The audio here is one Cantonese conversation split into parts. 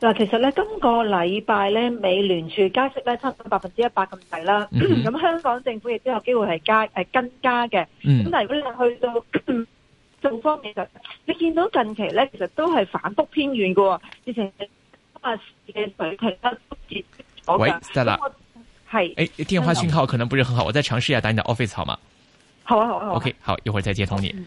嗱，其實咧今個禮拜咧，美聯儲加息咧差唔多百分之一百咁滯啦。咁、嗯、香港政府亦都有機會係加，係、呃、跟加嘅。咁、嗯、但係如果你去到數方面，就你見到近期咧，其實都係反覆偏軟嘅、哦。之前今日嘅水平都跌。喂 Stella 係誒，電話訊號可能不是很好，我再嘗試下打你嘅 office 好嗎？好啊，好啊，好啊，OK，好，一會再接通你。嗯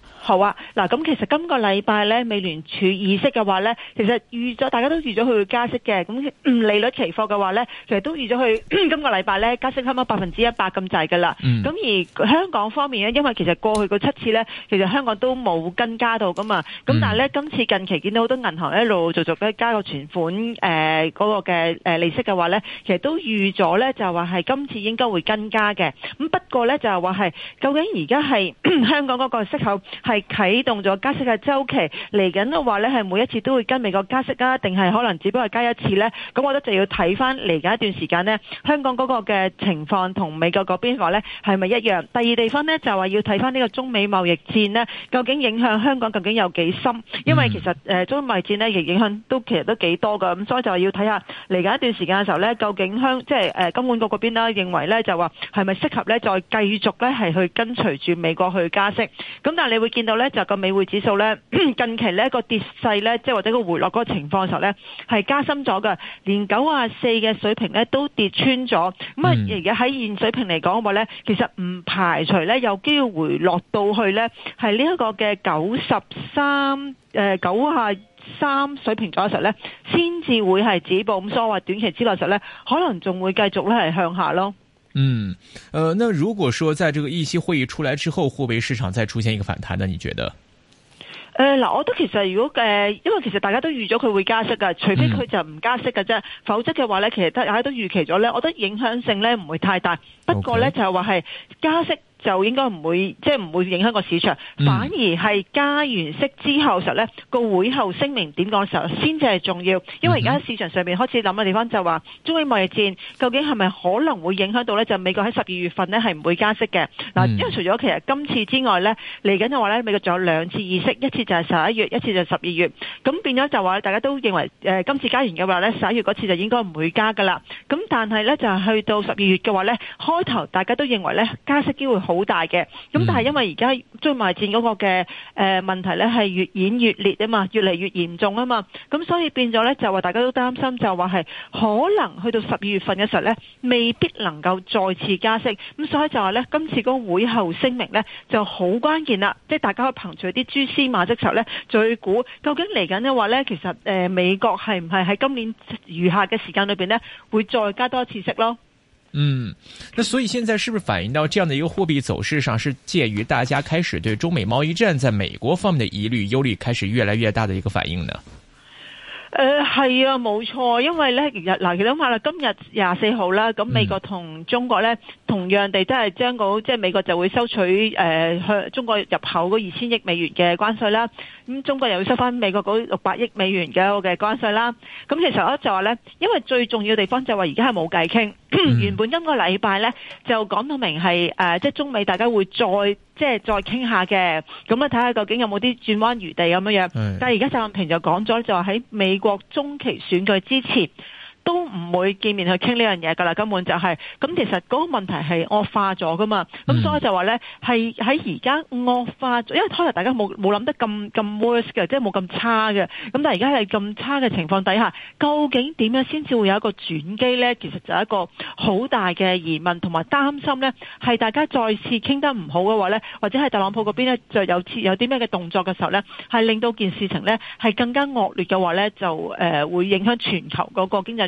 好啊，嗱咁其實今個禮拜咧，美聯儲議息嘅話咧，其實預咗大家都預咗佢加息嘅，咁利率期貨嘅話咧，其實都預咗佢今個禮拜咧加息差唔多百分之一百咁滯噶啦。咁、嗯、而香港方面咧，因為其實過去嗰七次咧，其實香港都冇跟加到噶嘛，咁但係咧、嗯、今次近期見到好多銀行陸陸續續加個存款誒嗰、呃那個嘅誒利息嘅話咧，其實都預咗咧就話係今次應該會跟加嘅。咁不過咧就話係究竟而家係香港嗰個息口？係啟動咗加息嘅周期，嚟緊嘅話咧，係每一次都會跟美國加息啊？定係可能只不過係加一次咧？咁我覺得就要睇翻嚟緊一段時間咧，香港嗰個嘅情況同美國嗰邊話咧係咪一樣？第二地方咧就話要睇翻呢個中美貿易戰咧，究竟影響香港究竟有幾深？因為其實誒中美貿易戰咧，亦影響都其實都幾多噶。咁所以就係要睇下嚟緊一段時間嘅時候咧，究竟香即係誒金管局嗰邊啦，認為咧就話係咪適合咧再繼續咧係去跟隨住美國去加息？咁但係你會見。見到咧就個美匯指數咧近期咧個跌勢咧即係或者個回落嗰個情況嘅時候咧係加深咗㗎，連九啊四嘅水平咧都跌穿咗。咁啊而家喺現水平嚟講嘅話咧，其實唔排除咧有機會回落到去咧係呢一個嘅九十三誒九啊三水平咗嘅時候咧，先至會係止步。咁所以話短期之內嘅時候咧，可能仲會繼續咧係向下咯。嗯，誒、呃，那如果說在這個議息會議出來之後，貨幣市場再出現一個反彈呢，呢你覺得？誒，嗱，我覺得其實如果誒、呃，因為其實大家都預咗佢會加息㗎，除非佢就唔加息㗎啫，嗯，否則嘅話呢，其實大家都預期咗呢，我覺得影響性呢唔會太大，不過呢，Okay. 就係話係加息。就應該唔會即係唔會影響個市場，嗯、反而係加完息之後實呢個會後聲明點講時候，先至係重要。因為而家市場上面開始諗嘅地方就話，中美貿易戰究竟係咪可能會影響到呢？就美國喺十二月份呢係唔會加息嘅。嗱、嗯，因為除咗其實今次之外呢，嚟緊就話呢美國仲有兩次議息，一次就係十一月，一次就十二月。咁變咗就話大家都認為誒今次加完嘅話呢，十一月嗰次就應該唔會加㗎啦。咁但係呢，就去到十二月嘅話呢，開頭大家都認為呢加息機會好大嘅，咁但係因為而家貿易戰嗰個嘅誒問題咧，係越演越烈啊嘛，越嚟越嚴重啊嘛，咁所以變咗咧就話大家都擔心，就話係可能去到十二月份嘅時候咧，未必能夠再次加息，咁所以就話咧今次個會後聲明咧就好關鍵啦，即係大家可以憑住啲蛛絲馬跡時候咧，再估究竟嚟緊嘅話咧，其實誒美國係唔係喺今年餘下嘅時間裏邊咧，會再加多一次息咯。嗯，那所以現在是不是反映到這樣的一個貨幣走勢上，是介於大家開始對中美貿易戰在美國方面的疑慮、憂慮開始越來越大的一個反應呢？誒、呃，係啊，冇錯，因為咧，嗱，你諗下啦，今日廿四號啦，咁、啊、美國同中國咧，同樣地都係將嗰即係美國就會收取誒向、呃、中國入口嗰二千億美元嘅關稅啦，咁、嗯、中國又收翻美國嗰六百億美元嘅嘅關稅啦。咁其實咧就話咧，因為最重要地方就話而家係冇計傾。原本今個禮拜呢，就講到明係誒，即係中美大家會再即係再傾下嘅，咁啊，睇下究竟有冇啲轉彎餘地咁樣樣。但係而家習近平就講咗，就話喺美國中期選舉之前。都唔會見面去傾呢樣嘢噶啦，根本就係、是、咁。其實嗰個問題係惡化咗噶嘛，咁、嗯、所以就話呢係喺而家惡化，咗，因為可能大家冇冇諗得咁咁 worse 嘅，即係冇咁差嘅。咁但係而家係咁差嘅情況底下，究竟點樣先至會有一個轉機呢？其實就係一個好大嘅疑問同埋擔心呢，係大家再次傾得唔好嘅話呢，或者係特朗普嗰邊呢就有有啲咩嘅動作嘅時候呢，係令到件事情呢係更加惡劣嘅話呢，就誒、呃、會影響全球嗰個經濟。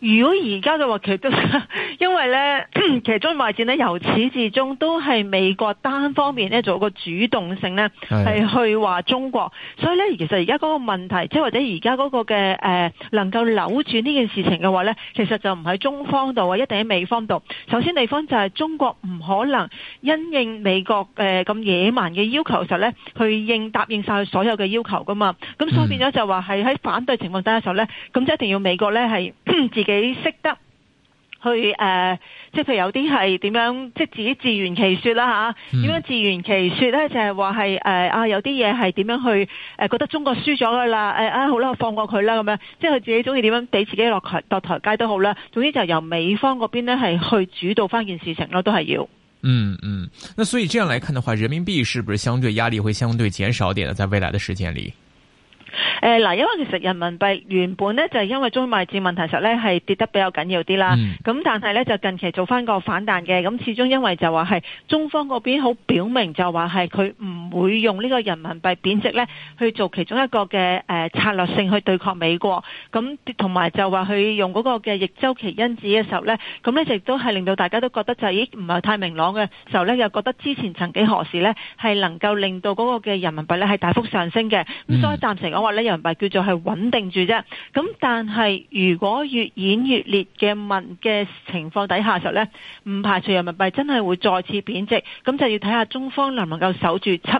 如果而家嘅話，其實都因為咧，其中貿易戰呢，由始至終都係美國單方面咧做一個主動性咧，係去話中國。所以咧，其實而家嗰個問題，即係或者而家嗰個嘅、呃、能夠扭轉呢件事情嘅話咧，其實就唔喺中方度啊，一定喺美方度。首先，地方就係中國唔可能因應美國咁、呃、野蠻嘅要求時候咧，去應答應曬所有嘅要求噶嘛。咁所以變咗就話係喺反對情況底下時候咧，咁就一定要美國咧係自己。幾識得去誒，即係譬如有啲係點樣，即係自己自圓其說啦吓。點樣自圓其說咧，就係話係誒啊，有啲嘢係點樣去誒，覺得中國輸咗噶啦，誒啊好啦，我放過佢啦咁樣。即係佢自己中意點樣俾，自己落台墮台階都好啦。總之就由美方嗰邊咧係去主導翻件事情咯，都係要。嗯嗯，那所以這樣來看的話，人民幣是不是相對壓力會相對減少點呢？在未來的時間裏。嗯嗯誒，嗱，因為其實人民幣原本咧就係因為中美戰問題，其實咧係跌得比較緊要啲啦。咁、嗯、但係咧就近期做翻個反彈嘅，咁始終因為就話係中方嗰邊好表明就話係佢唔會用呢個人民幣貶值呢去做其中一個嘅誒、呃、策略性去對抗美國，咁同埋就話佢用嗰個嘅逆周期因子嘅時候呢，咁呢亦都係令到大家都覺得就係咦唔係太明朗嘅時候呢，又覺得之前曾幾何時呢係能夠令到嗰個嘅人民幣呢係大幅上升嘅，咁、嗯、所以暫時講話呢，人民幣叫做係穩定住啫。咁但係如果越演越烈嘅民嘅情況底下時候呢，唔排除人民幣真係會再次貶值，咁就要睇下中方能唔能夠守住七。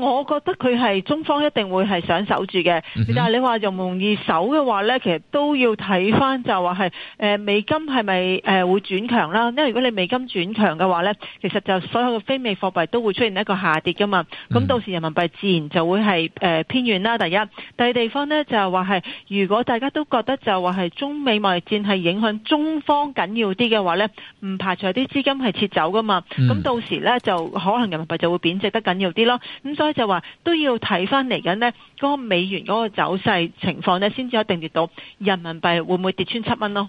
我覺得佢係中方一定會係想守住嘅，但係你話容唔容易守嘅話呢，其實都要睇返就話係誒美金係咪誒會轉強啦？因為如果你美金轉強嘅話呢，其實就所有嘅非美貨幣都會出現一個下跌噶嘛。咁到時人民幣自然就會係誒偏軟啦。第一，第二地方呢，就係話係如果大家都覺得就話係中美貿易戰係影響中方緊要啲嘅話呢，唔排除啲資金係撤走噶嘛。咁到時呢，就可能人民幣就會貶值得緊要啲咯。咁所以就話都要睇翻嚟緊咧，嗰個美元嗰個走勢情況咧，先至有定跌到人民幣會唔會跌穿七蚊咯？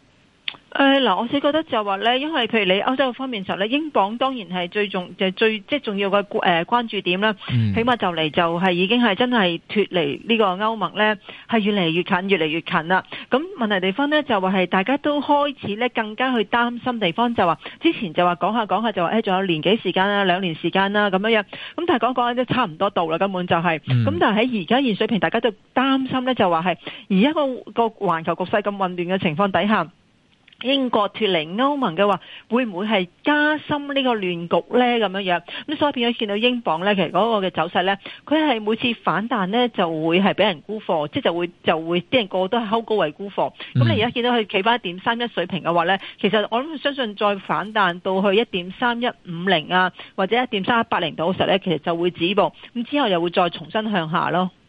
誒、哎，嗱，我自己覺得就話咧，因為譬如你歐洲方面時候咧，英鎊當然係最重，就最即係重要嘅誒關注點啦、嗯。起碼就嚟就係已經係真係脱離呢個歐盟咧，係越嚟越近，越嚟越近啦。咁問題地方咧就話係大家都開始咧更加去擔心地方，就話之前就話講下講下就話誒，仲有年幾時間啦，兩年時間啦咁樣樣。咁但係講講就差唔多到啦，根本就係、是。咁、嗯、但係喺而家現水平，大家都擔心咧就話係而一個個環球局勢咁混亂嘅情況底下。英國脫離歐盟嘅話，會唔會係加深呢個亂局呢？咁樣樣咁所以變咗見到英鎊呢，其實嗰個嘅走勢呢，佢係每次反彈呢就會係俾人沽貨，即係就會就會啲人個個都係拋高位沽貨。咁你而家見到佢企翻一點三一水平嘅話呢，其實我諗相信再反彈到去一點三一五零啊，或者一點三一八零度嘅時候呢，其實就會止步，咁之後又會再重新向下咯。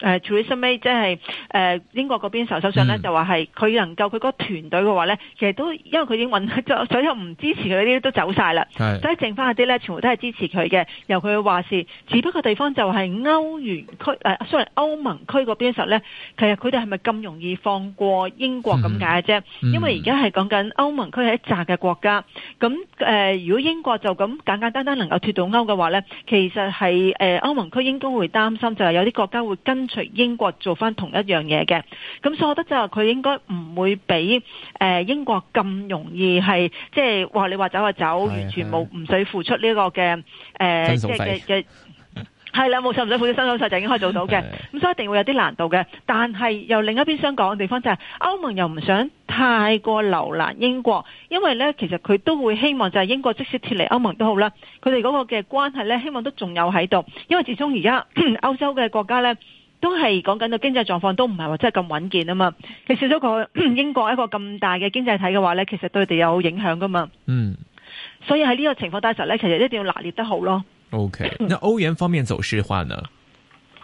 誒、uh，Theresa May 咧，即係誒英國嗰邊時首相咧、mm. 就話係佢能夠佢個團隊嘅話咧，其實都因為佢已經穩咗，就所有唔支持佢啲都走曬啦，mm. 所以剩翻一啲咧，全部都係支持佢嘅。由佢話事，只不過地方就係歐元區誒、啊，雖然歐盟區嗰邊時候咧，其實佢哋係咪咁容易放過英國咁解啫？Mm. Mm. 因為而家係講緊歐盟區係一紮嘅國家，咁、呃、如果英國就咁簡簡單單能夠脱到歐嘅話咧，其實係誒、呃、歐盟區應該會擔心，就係、是、有啲國家會跟。除英國做翻同一樣嘢嘅，咁所以我覺得就係佢應該唔會畀誒英國咁容易係，即係話你話走就走，完全冇唔使付出呢個嘅誒，即係嘅係啦，冇使唔使付出新手勢就應該做到嘅，咁 所以一定會有啲難度嘅。但係由另一邊想講嘅地方就係、是、歐盟又唔想太過留難英國，因為咧其實佢都會希望就係英國即使脱離歐盟都好啦，佢哋嗰個嘅關係咧希望都仲有喺度，因為始終而家歐洲嘅國家咧。都係講緊到經濟狀況都唔係話真係咁穩健啊嘛，佢少咗個英國一個咁大嘅經濟體嘅話呢，其實對佢哋有影響噶嘛。嗯，所以喺呢個情況底下呢，其實一定要拿捏得好咯。OK，那歐元方面走勢話呢？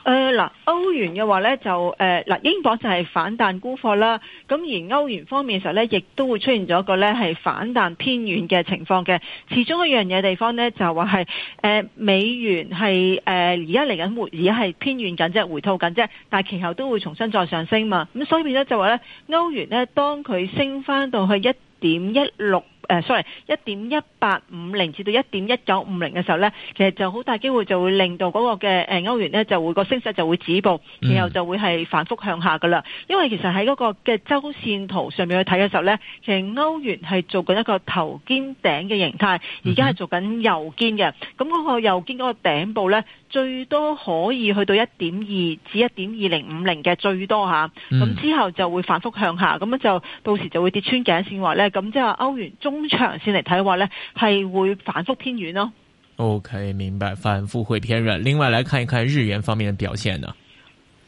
誒、呃，嗱，歐元嘅話咧就誒，嗱、呃，英鎊就係反彈沽貨啦，咁而歐元方面嘅時候咧，亦都會出現咗一個咧係反彈偏軟嘅情況嘅。始終一樣嘢地方咧就話係，誒、呃，美元係誒而家嚟緊回而家係偏軟緊，即係回吐緊，即係，但係其後都會重新再上升嘛。咁所以變咗就話咧，歐元咧當佢升翻到去一點一六。誒、uh，sorry，一點一八五零至到一點一九五零嘅時候咧，其實就好大機會就會令到嗰個嘅誒歐元咧就會、嗰個升勢就會止步，然後就會係反覆向下噶啦。因為其實喺嗰個嘅周線圖上面去睇嘅時候咧，其實歐元係做緊一個頭肩頂嘅形態，而家係做緊右肩嘅。咁、嗰、嗰個右肩嗰個頂部咧，最多可以去到一點二至一點二零五零嘅最多嚇。咁、uh-huh. 之後就會反覆向下，咁樣就到時就會跌穿頸線位咧。咁即係歐元中。中長線嚟睇嘅話咧，係會反覆偏軟咯。OK，明白，反覆會偏軟。另外，來看一看日元方面嘅表現呢？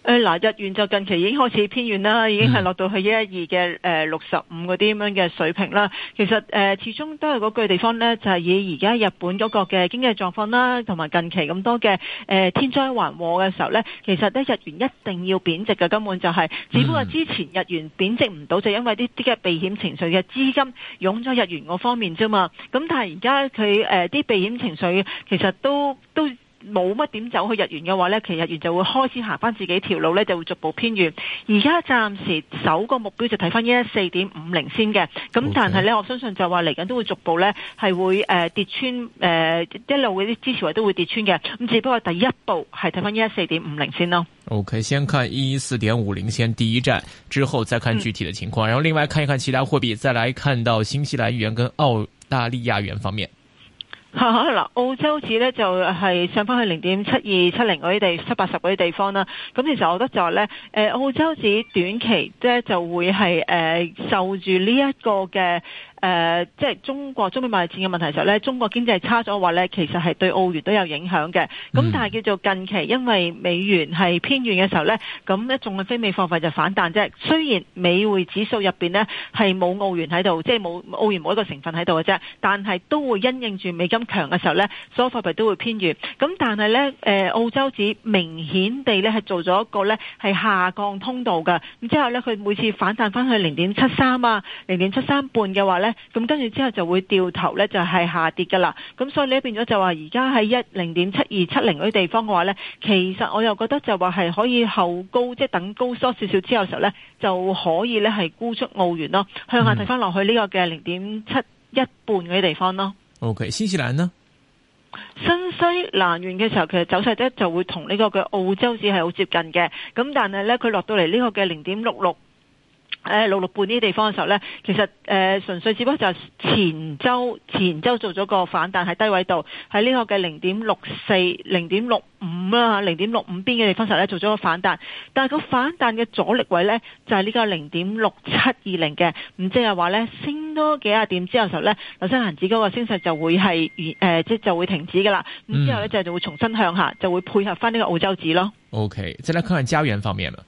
誒嗱，日元就近期已經開始偏軟啦，已經係落到去一一二嘅誒六十五啲咁樣嘅水平啦。其實誒始終都係嗰句地方咧，就係、是、以而家日本嗰個嘅經濟狀況啦，同埋近期咁多嘅誒天災橫禍嘅時候咧，其實咧日元一定要貶值嘅根本就係、是，只不過之前日元貶值唔到，就因為啲啲嘅避險情緒嘅資金湧咗日元嗰方面啫嘛。咁但係而家佢誒啲避險情緒其實都都。冇乜點走去日元嘅話呢，其實日元就會開始行翻自己條路呢，就會逐步偏軟。而家暫時首個目標就睇翻一一四點五零先嘅，咁但係呢，我相信就話嚟緊都會逐步呢係會誒、呃、跌穿誒、呃、一路嗰啲支持位都會跌穿嘅。咁只不過第一步係睇翻一一四點五零先咯。OK，先看一一四點五零先，第一站之後再看具體嘅情況、嗯，然後另外看一看其他貨幣，再來看到新西蘭元跟澳大利亞元方面。嗱， 澳洲紙呢就係、是、上翻去零點七二七零嗰啲地七八十嗰啲地方啦。咁其實我覺得就係、是、呢，誒澳洲紙短期即就會係誒、呃、受住呢一個嘅。誒、呃，即係中國中美貿易戰嘅問題時候咧，中國經濟差咗話咧，其實係對澳元都有影響嘅。咁、嗯、但係叫做近期因為美元係偏軟嘅時候咧，咁一眾嘅非美貨幣就反彈啫。雖然美匯指數入邊呢係冇澳元喺度，即係冇澳元冇一個成分喺度嘅啫，但係都會因應住美金強嘅時候咧，所有貨幣都會偏軟。咁但係咧，誒、呃、澳洲指明顯地咧係做咗一個咧係下降通道㗎。咁之後咧，佢每次反彈翻去零點七三啊，零點七三半嘅話咧。咁跟住之後就會掉頭呢，就係下跌噶啦。咁所以呢變咗就話，而家喺一零點七二七零嗰啲地方嘅話呢，其實我又覺得就話係可以後高，即、就、係、是、等高縮少少之後嘅時候呢，就可以呢係沽出澳元咯，向下睇翻落去呢個嘅零點七一半嘅地方咯。O、okay. K，新西蘭呢？新西蘭元嘅時候其實走勢呢就會同呢個嘅澳洲紙係好接近嘅，咁但係呢，佢落到嚟呢個嘅零點六六。誒六六半呢啲地方嘅時候咧，其實誒純粹只不過就前周前周做咗個反彈喺低位度，喺呢個嘅零點六四、零點六五啦，零點六五邊嘅地方時候咧做咗個反彈，但係個反彈嘅阻力位咧就係呢個零點六七二零嘅，咁即係話咧升多幾下點之後時候咧，紐西蘭紙嗰個升勢就會係完即係就會停止㗎啦。咁之後咧就係就會重新向下，就會配合翻呢個澳洲紙咯。OK，再嚟看看加元方面啦。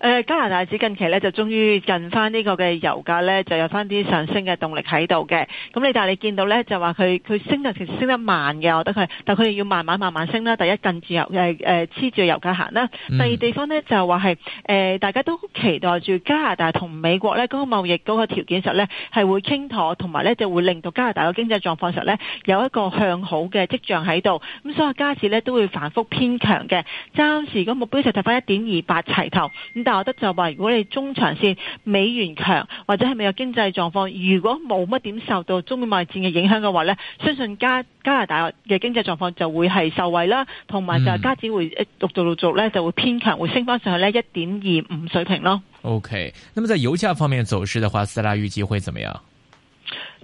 誒、呃、加拿大紙近期咧就終於近翻呢個嘅油價咧就有翻啲上升嘅動力喺度嘅。咁你但係你見到咧就話佢佢升得其實升得慢嘅，我覺得佢，但係佢哋要慢慢慢慢升啦。第一近住油誒黐住油價行啦。第二地方咧就話係誒大家都期待住加拿大同美國咧嗰個貿易嗰個條件實咧係會傾妥，同埋咧就會令到加拿大嘅經濟狀況實咧有一個向好嘅跡象喺度。咁所以加紙咧都會反覆偏強嘅。暫時個目標就睇翻一點二八齊頭咁。但我覺得就話如果你中長線美元強或者係咪有經濟狀況，如果冇乜點受到中美貿易戰嘅影響嘅話呢相信加加拿大嘅經濟狀況就會係受惠啦，同埋就係加息會逐、嗯、度度做咧就會偏強，會升翻上去呢一點二五水平咯。OK，那麼在油價方面走勢的話，斯拉預計會怎麼樣？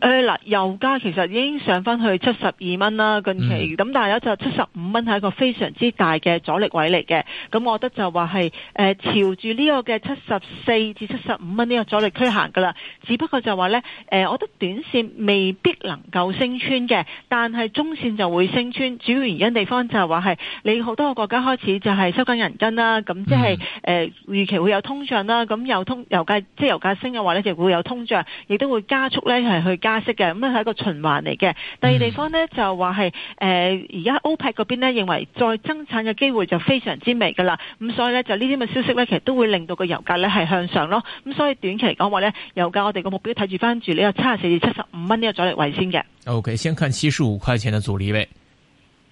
誒，嗱，油價其實已經上返去七十二蚊啦，近期，咁、嗯、但係咧就七十五蚊係一個非常之大嘅阻力位嚟嘅，咁我覺得就話係誒朝住呢個嘅七十四至七十五蚊呢個阻力區行噶啦，只不過就話咧誒，我覺得短線未必能夠升穿嘅，但係中線就會升穿，主要原因地方就係話係你好多個國家開始就係收緊銀根啦，咁即係誒預期會有通脹啦，咁有通油價即係油價升嘅話咧，就會有通脹，亦都會加速咧係去。加息嘅，咁咧係一個循環嚟嘅。第二地方呢，就話係，誒而家歐佩克嗰邊呢，認為再增產嘅機會就非常之微噶啦。咁所以咧就呢啲嘅消息咧，其實都會令到個油價咧係向上咯。咁所以短期講話咧，油價我哋個目標睇住翻住呢個七十四至七十五蚊呢個阻力位先嘅。OK，先看七十五塊錢嘅阻力位。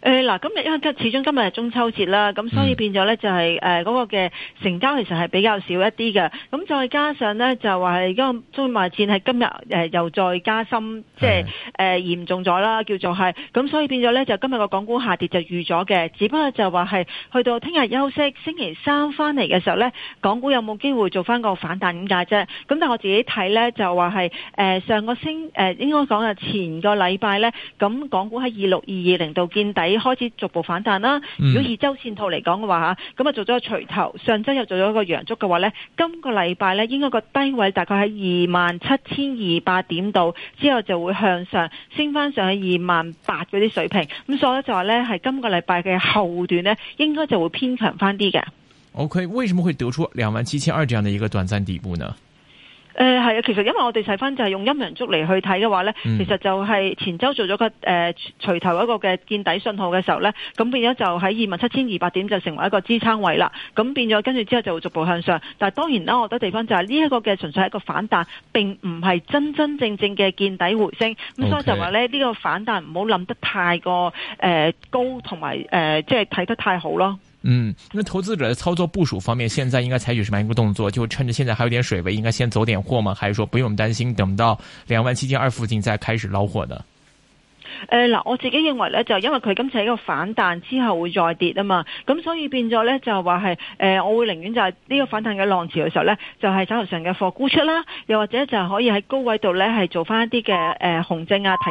嗱，咁因為始終今日係中秋節啦，咁所以變咗咧就係誒嗰個嘅成交其實係比較少一啲嘅。咁再加上咧就話係因為中美戰係今日誒又再加深，即係誒嚴重咗啦，叫做係。咁所以變咗咧就今日個港股下跌就預咗嘅，只不過就話係去到聽日休息，星期三翻嚟嘅時候咧，港股有冇機會做翻個反彈咁解啫？咁但我自己睇咧就話係上個星誒應該講啊前個禮拜咧，咁港股喺二六二二零度見底。你開始逐步反彈啦。如果以周線圖嚟講嘅話吓，咁啊做咗個錘頭，上周又做咗一個陽燭嘅話咧，今個禮拜咧應該個低位大概喺二萬七千二百點度，之後就會向上升翻上去二萬八嗰啲水平。咁所以就話咧，係今個禮拜嘅後段咧，應該就會偏強翻啲嘅。OK，為什麼會得出兩萬七千二這樣的一個短暫底部呢？誒係啊，其實因為我哋睇翻就係用陰陽燭嚟去睇嘅話咧，嗯，其實就係前週做咗個誒、呃、錘頭一個嘅見底信號嘅時候咧，咁變咗就喺二萬七千二百點就成為一個支撐位啦。咁變咗跟住之後就會逐步向上，但係當然啦，我覺得地方就係呢一個嘅純粹係一個反彈，並唔係真真正正嘅見底回升。咁所以就話咧，呢、okay。個反彈唔好諗得太過誒、呃、高同埋誒即係睇得太好咯。嗯，那投資者的操作部署方面，現在應該採取什麼一個動作？就趁着現在還有點水位，應該先走點貨嗎？還是說不用擔心，等到兩萬七千二附近再開始撈貨的？誒、呃、嗱，我自己認為咧，就因為佢今次一個反彈之後會再跌啊嘛，咁所以變咗咧就話係誒，我會寧願就係呢個反彈嘅浪潮嘅時候咧，就係、是、手頭上嘅貨沽出啦，又或者就係可以喺高位度咧係做翻一啲嘅誒，熊證啊，提供